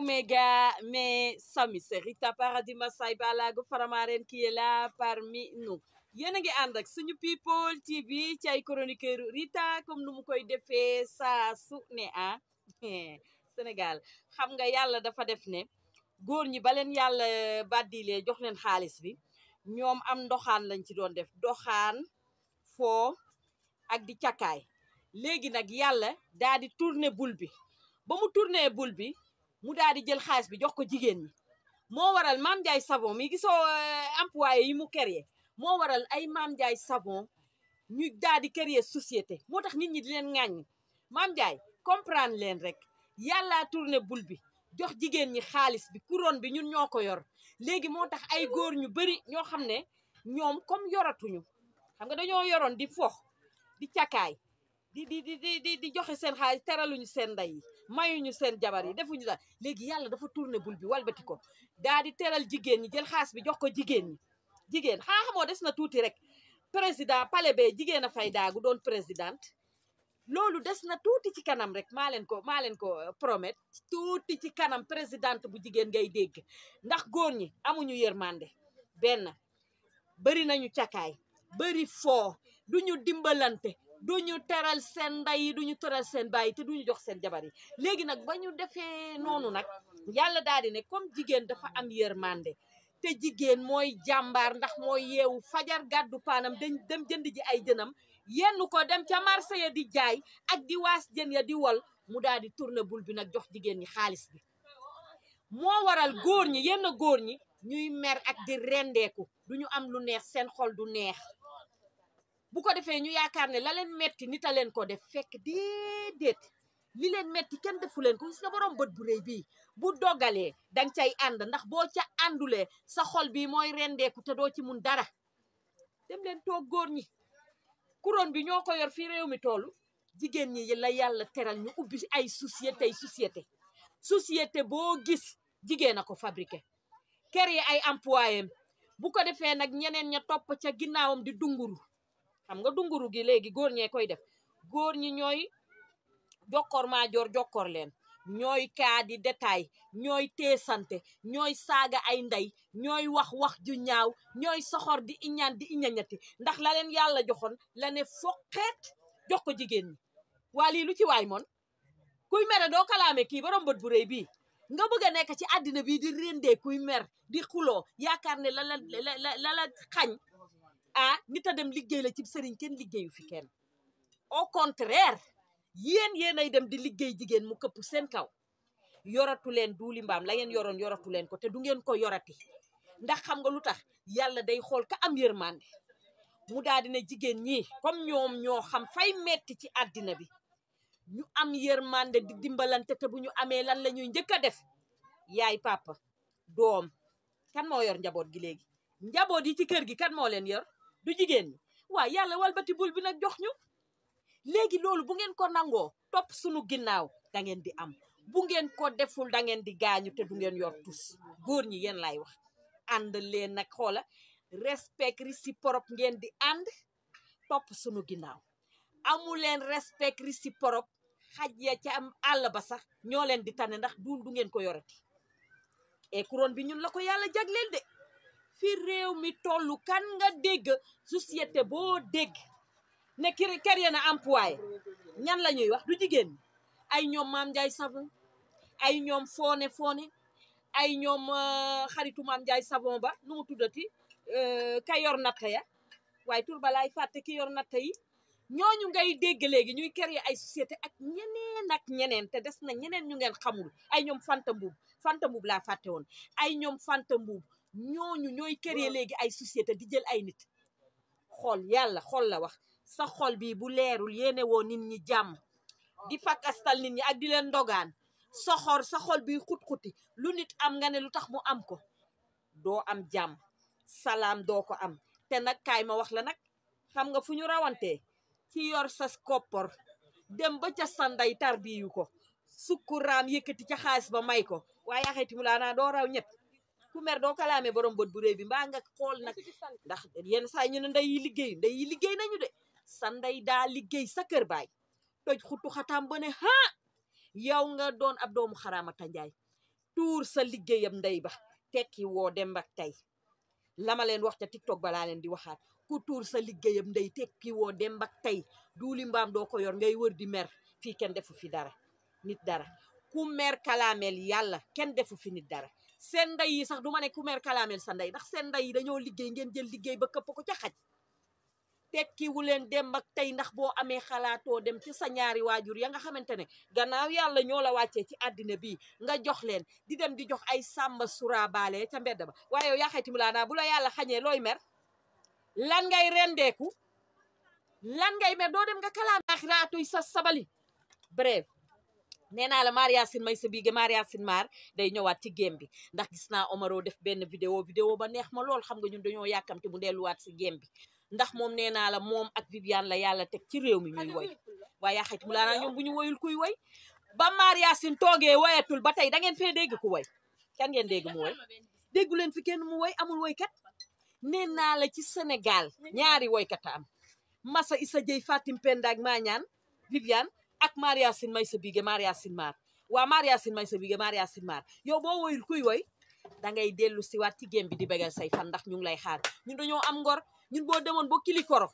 Omega, mes amis, c'est Rita Paradis Massay Balago Faramaren qui est là parmi nous. yéen a ngi ànd ak suñu people TV ci ay chroniqueur Rita comme nu mu koy defee saa su ne ah Sénégal xam nga yàlla dafa def ne góor ñi ba leen yàlla bàddilee jox leen xaalis bi ñoom am ndoxaan lañ ci doon def doxaan fo ak di cakaay léegi nag yàlla daa di tourner ba mu tourner boule bi mu daal di jël xaalis bi jox ko jigéen ñi moo waral Mame Ndiaye Savon mi gisoo euh, employé yi mu créé moo waral ay maam Ndiaye Savon ñu daal di créer société moo tax nit ñi di leen ŋàññi Mame Ndiaye comprendre leen rek yàllaa ne bul bi jox jigéen ñi xaalis bi couronne bi ñun ñoo ko yor léegi moo tax ay góor ñu bëri ñoo xam ne ñoom comme yoratuñu xam nga dañoo yoroon di fox di cakaay di di di di di joxe seen xaalis teraluñu seen ndey yi mayuñu seen jabar yi defuñu daal léegi yàlla dafa tourné bul bi walbati ko daa di teral jigéen ñi jël xaas bi jox ko jigéen ñi jigéen xaa xamoo des na tuuti rek président palais bee jigéen a fay daagu doon présidente loolu des na tuuti ci kanam rek maa leen ko maa leen ko euh, promettre tuuti ci kanam présidente bu jigéen ngay dégg ndax góor ñi amuñu yërmande benn bëri nañu cakaay bëri foo duñu dimbalante duñu teral seen ndey yi du ñu teral seen baay yi te duñu jox seen jabar yi léegi nag ba ñu defee noonu nag yàlla daal di ne comme jigéen dafa am mànde te jigéen mooy jàmbaar ndax mooy yeewu fajar gàddu paanam dañ dem jënd ji ay jënam yenn ko dem ca marché ya di jaay ak di waas jën ya di wol mu daal di tourner boule bi nag jox jigéen ñi xaalis bi moo waral góor ñi yenn góor ñi ñuy mer ak di rendeeku duñu am lu neex seen xol du neex bu ko defee ñu yaakaar ne la leen metti nit a leen ko def fekk déedéet li leen metti kenn defu leen ko gis nga borom bët bu rëy bii bu doggalee danga cay ànd ndax boo ca àndulee sa xol bii mooy rendeeku te doo ci mun dara dem leen toog góor ñi couronne bi ñoo ko yor fii réew mi toolu jigéen ñi la yàlla teral ñu ubbi ay société ay societé boo gis jigéen a ko fabriqué kër yi ay employé bu ko defee nag ñeneen ña topp ca ginnaawam di dunguru xam nga dunguru gi léegi góor ñee koy def góor ñi ñooy jokkoor maajoor jokkoor leen ñooy kaa di détail ñooy teesante ñooy saaga ay ndey ñooy wax wax ju ñaaw ñooy soxor di iñaan di iñañati ndax la leen yàlla joxoon la ne foqeet jox ko jigéen ñi waa lii lu ci waay moon kuy mere doo kalaame kii borom bët bu rëy bii nga bëgg a nekk ci àddina bii di rendee kuy mer di xuloo yaakaar ne la la la la xañ ah nit a dem liggéey la ci sëriñ kenn liggéeyu fi kenn au contraire yéen yéen ay dem di liggéey jigéen mu këpp seen kaw yoratu leen duuli mbaam la ngeen yoroon yoratu leen ko te du ngeen ko yorati ndax xam nga lu tax yàlla day xool ka am yërmande mu daal dina jigéen ñi comme ñoom ñoo xam fay metti ci àddina bi ñu am yërmande di dimbalante te bu ñu amee lan la ñuy njëkk a def yaay papa doom kan moo yor njaboot gi léegi njaboot yi ci kër gi kan moo leen yor du jigéen ñi waa yàlla walbati bul bi nag jox ñu léegi loolu bu ngeen ko nangoo topp sunu ginnaaw da ngeen di am bu ngeen ko deful da di gaañu te du ngeen yor tus góor ñi yéen lay wax ànd leen nag xoola respect réciproque ngeen di ànd topp sunu ginnaaw amu leen respect réciproque xaj ya ca am àll ba sax ñoo leen di tane ndax du du ngeen ko yorati et bi ñun la ko yàlla jagleel de fi réew mi tollu kan nga dégg société boo dégg ne créer na employé ñan la ñuy wax du jigéen ay ñoom maam Ndiaye savon ay ñoom foone foone ay ñoom euh, xaritu maam Ndiaye savon ba nu mu tuddati euh, ka yor natt ya waaye tur balaay fàtte ki yor natt yi ñooñu ngay dégg léegi ñuy créer ay société ak ñeneen ak ñeneen te des na ñeneen ñu ngeen xamul ay ñoom Fanta Mbuub Fanta Mbuub laa fàtte woon ay ñoom Fanta Mbuub ñooñu ñooy kër créer léegi ay société di jël ay nit xool yàlla xool la wax sa xool bi bu leerul yéene woo nit ñi jàmm di fakastal nit ñi ak di leen ndogaan soxor sa xool bi xut-xuti lu nit am nga ne lu tax mu am ko doo am jàmm salaam doo ko am te nag kaay ma wax la nag xam nga fu ñu rawantee ci yor sa koppor dem ba ca sanday tarbiyu ko sukkuraam yëkkati ca xaalis ba may ko waaye axeeti mu laa naa doo raw ñett ku mer doo kalaamee borom bët bu réy bi mbaa nga xool nag ndax yenn saa ñu ne ndey liggéey ndey yi liggéey nañu de sa ndey daa liggéey sa kër baay toj xutu xataam ba haa yow nga doon ab doomu xaraama tanjaay tuur sa liggéeyam nday ba tekki woo dem ak tey lama leen wax ca tiktok balaa leen di waxaat ku tuur sa liggéeyam nday tekki woo dem ba tey duuli mbaam doo ko yor ngay wër di mer fii kenn defu fi dara nit dara ku mer kalaameel yàlla kenn defu fi nit dara seen ndey yi sax du ma ne ku mer kalaameel sa ndey ndax seen ndey yi dañoo liggéey ngeen jël liggéey ba këpp ko ca xaj tekkiwu leen dem ak tey ndax boo amee xalaatoo dem ci sa ñaari waajur ya nga xamante ne gannaaw yàlla ñoo la wàccee ci àddina bi nga jox leen di dem di jox ay sàmba suraabaale ca mbedd ba waaye yow yaa xayti laa naa bu la yàlla xañee looy mer lan ngay rendeeku lan ngay mer doo dem nga kalaam aaxiraatuy sa sabali bref nee naa la Maria Sine may sa biige Maria Sine maar day ñëwaat ci game bi ndax gis naa Omaro def benn vidéo vidéo ba neex ma lool xam nga ñun dañoo yàkkamte mu delluwaat si game bi ndax moom nee naa la moom ak Viviane la yàlla teg ci réew mi ñuy woy waaye yaa xayti mu laa naa ñoom bu ñu woyul kuy woy ba Maria Sine toogee woyatul ba tey da ngeen fee dégg ku woy kan ngeen dégg mu woy déggu leen fi kenn mu woy amul woykat nee naa la ci Sénégal ñaari woykat a am Massa Issa Dieye Fatim Penda ak Mañaan Viviane ak Maria Sine may sa bige Maria Sine maar waa Maria Sine may sa bige Maria Sine maar yow boo woyul kuy woy dangay dellu siwaat ci gém bi di bégal say fan ndax ñu ngi lay xaar ñun dañoo am ngor ñu boo demoon ba kilikoro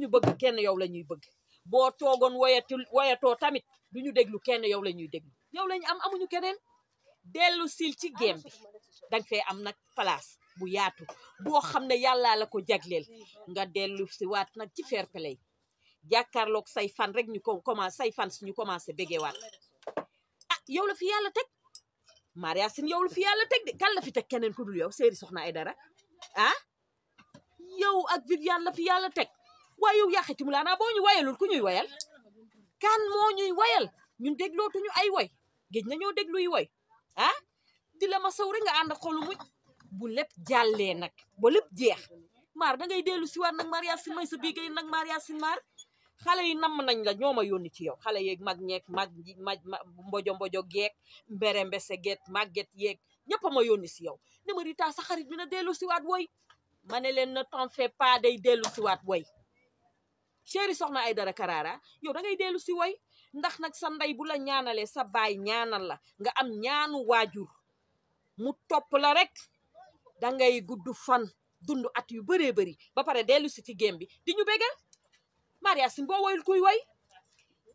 ñu bëgg kenn yow la ñuy bëgg boo toogoon woyatul woyatoo tamit duñu déglu kenn yow la ñuy déglu yow lañu am amuñu keneen dellu sil ci gém bi danga fee am nag palace bu yaatu boo xam ne yàlla la ko jagleel nga dellu siwaat nag ci fair play jàkkaarloog say fan rek ñu ko commencé say fan suñu commencé bégeewaat ah yow la fi yàlla teg Maria Sine yow la fi yàlla teg de kan la fi teg keneen ku dul yow séeri soxna ay dara ah yow ak Viviane la fi yàlla teg waaye yow yaa xetimu laanaa boo ñu wayalul ku ñuy wayal kan moo ñuy wayal ñun déglootuñu ay woy géej nañoo dégluy woy ah di la ma saw rek nga ànd xolu muñ lépp jàllee nag ba lépp jeex maar da ngay dellu si waat nag Maria Sine bii gay nag Maria Sine xale yi namm nañ la ñoo ma yónni ci yow xale yeeg mag ñeeg mag maj mbojo mbojo geeg mbere mbese geeg màgget yeeg ñëpp a ma yónni si yow ne ma Rita sa xarit bi na dellu siwaat woy ma ne leen na t'en fais pas day dellu siwaat woy chéri soxna ay dara Karara yow dangay dellu si woy ndax nag sa ndey bu la ñaanalee sa baay ñaanal la nga am ñaanu waajur mu topp la rek da ngay gudd fan dund at yu bëree bari ba pare dellu si ci gém bi di ñu bégal mariage si boo woyul kuy woy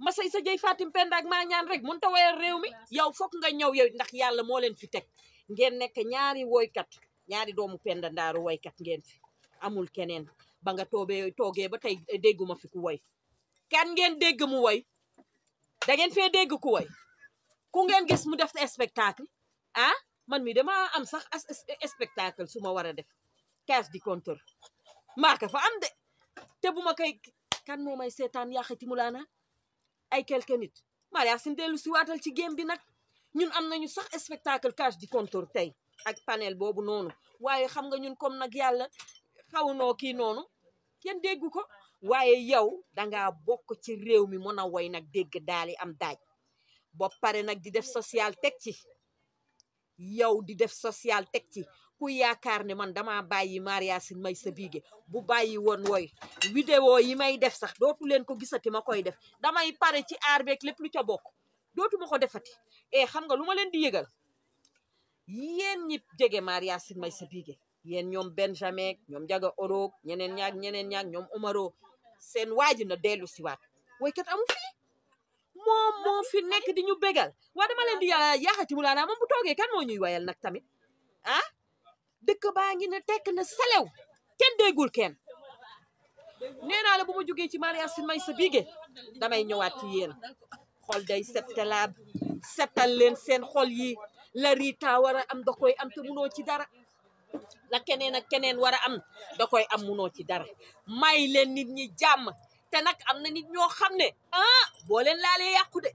ma say sa jëy Fatim Penda ak maa ñaan rek mënut a woyal réew mi yow foog nga ñëw yow ndax yàlla moo leen fi teg ngeen nekk ñaari woykat ñaari doomu Penda Ndaaru woykat ngeen fi amul keneen ba nga toobee toogee ba tey eh, dégguma fi ku woy kan ngeen dégg mu woy da ngeen fee dégg ku woy ku ngeen gis mu def spectacle ah man mi dama am sax spectacle su ma war def case di compteur maa ko am de te bu ma koy kan moom may seetaan yaaxati mu laana ay quelque nit Maria Sine si waatal ci game bi nag ñun am nañu sax spectacle cage di contour tey ak panel boobu noonu waaye xam nga ñun comme nag yàlla xaw noo kii noonu kenn déggu ko waaye yow danga bokk ci réew mi mën a woy nag dégg daal daali am daaj ba pare nag di def social teg ci yow di def social teg ci ku yaakaar ne man dama bàyyi Maria Sine may sa biige bu bàyyi woon wooy vidéo yi may def sax dootu leen ko gisati ma koy def damay pare ci aar beeg lépp lu ca bokk dootu ko defati e xam nga lu leen di yëgal yéen ñi jege Maria Sine may sa biige yéen ñoom Benjamin ñoom Njaga Orog ñeneen ñaag ñeneen ñaag ñoom Omaro seen waaji na dellu siwaat woykat amu fi moom fi nekk di bégal waa dama leen di yàlla yaaxati mu laanaa ah, moom bu toogee kan moo ñuy wayal nag tamit ah? dëkk baa ngi ne tekk na selew kenn déggul kenn nee naa la bu ma jógee ci mariage si may sa bige damay ñëwaat ci yéen xol day settalaat settal leen seen xol yi la Rita war a am da koy am te munoo ci dara la keneen ak keneen war a am da koy am munoo ci dara may leen nit ñi jàmm te nag am na nit ñoo xam ne ah boo leen laalee yàqu de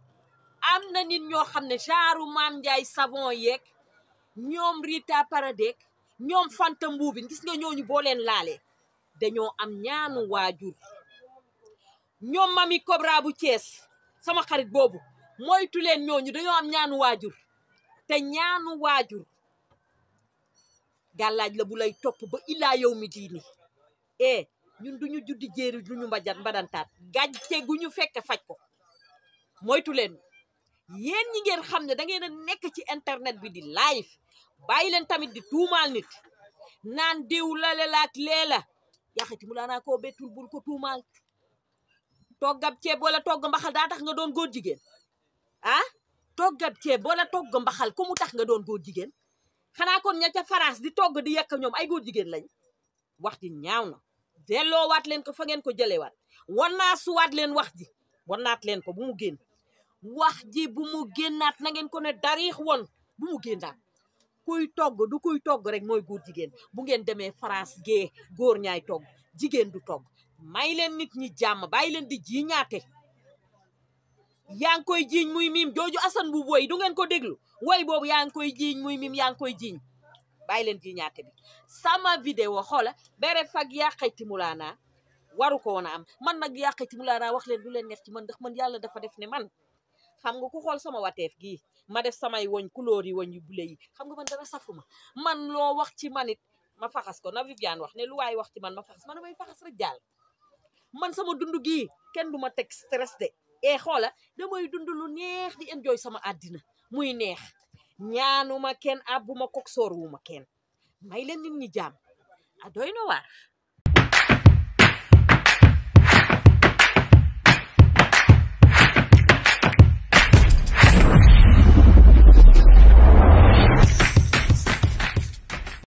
am na nit ñoo xam ne genre maam Ndiaye savon yeeg ñoom Rita Paradek ñoom fanta mbuubin gis nga ñooñu boo leen laalee dañoo am ñaanu waajur ñoom mami Cobra bu Thiès sama xarit boobu moytu leen ñooñu dañoo am ñaanu waajur te ñaanu waajur gàllaaj la bu lay topp ba illaa yow mi diini e ñun duñu juddi jéeri lu ñu mbajat mbadantaat gàcce gu ñu fekk faj ko moytu leen yéen ñi ngeen xam ne da ngeen nekk ci internet bi di live bàyyi leen tamit di tuumaal nit naan diw lale laak lee la yaxiti mu laa naa koo bettul bul ko tuumaal toggab ceeb wala togg mbaxal nga doon góor jigéen ah toggab ceeb wala togg mbaxal ku mu tax nga doon góor jigéen xanaa kon ña ca France di togg di yekk ñoom ay góor jigéen lañ wax ji ñaaw na delloowaat leen ko fa ngeen ko jëlewaat wanaasuwaat leen wax ji wanaat leen ko bu mu génn wax ji bu mu génnaat na ngeen ko ne dariix woon bu mu génnaat kuy togg du kuy togg rek mooy góor jigéen bu ngeen demee France gee góor ñaay togg jigéen du togg may leen nit ñi jàmm bàyyi leen di ji ñaate yaa ngi koy jiiñ muy miim jooju asan bu woy du ngeen ko déglu woy boobu yaa ngi koy jiiñ muy miim yaa ngi koy jiiñ bàyyi leen ji ñaate bi sama vidéo xoola bere fag yàqayti mulaana waru ko woon a am man nag yàqayti mulaana wax leen du leen neex ci man ndax man yàlla dafa def ne man xam nga ku xool sama wateef gii ma def samay woñ couleur yi woñ yu bule yi xam nga man dara ma man loo wax ci man it ma faxas ko na Viviane wax ne lu waay wax ci man ma faxas man damay faxas rek jàll man sama dund gii kenn du ma teg stress de ee eh, xoola damay dund lu neex di enjoy sama àddina muy neex ñaanuma kenn àbbuma kok soor wuma kenn may leen nit ñi jaam a ah, doy na waar